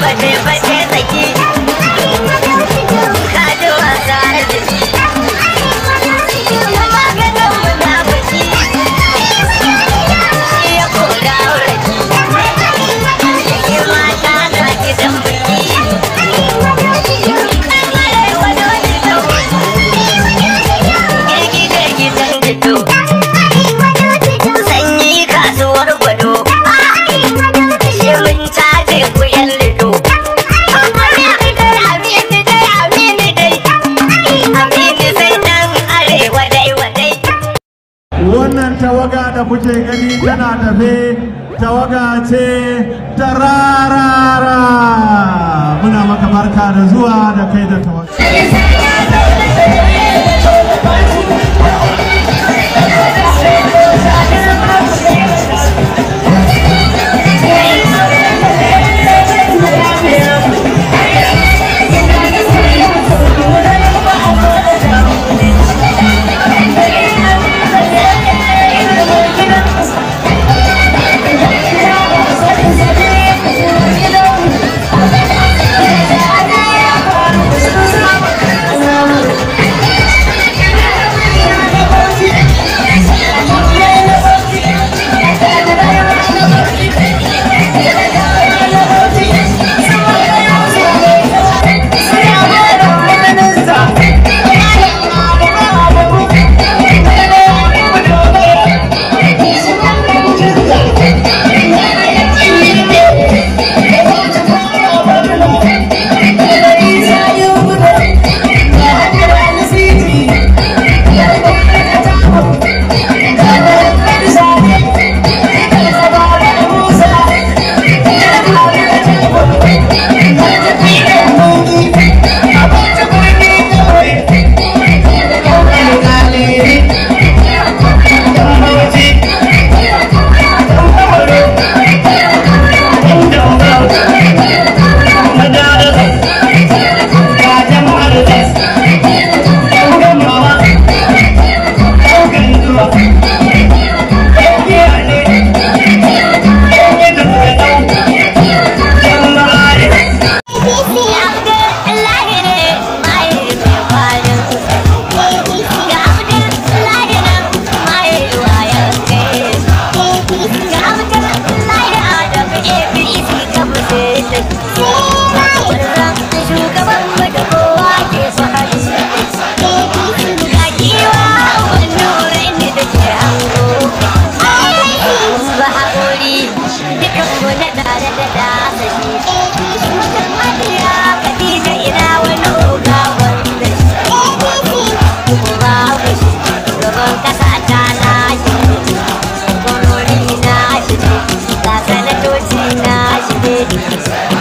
bye, bye, bye. tawaga da kuke gani tana tafe tawaga ce ta muna maka barka da zuwa da kai da tawaga Yeah.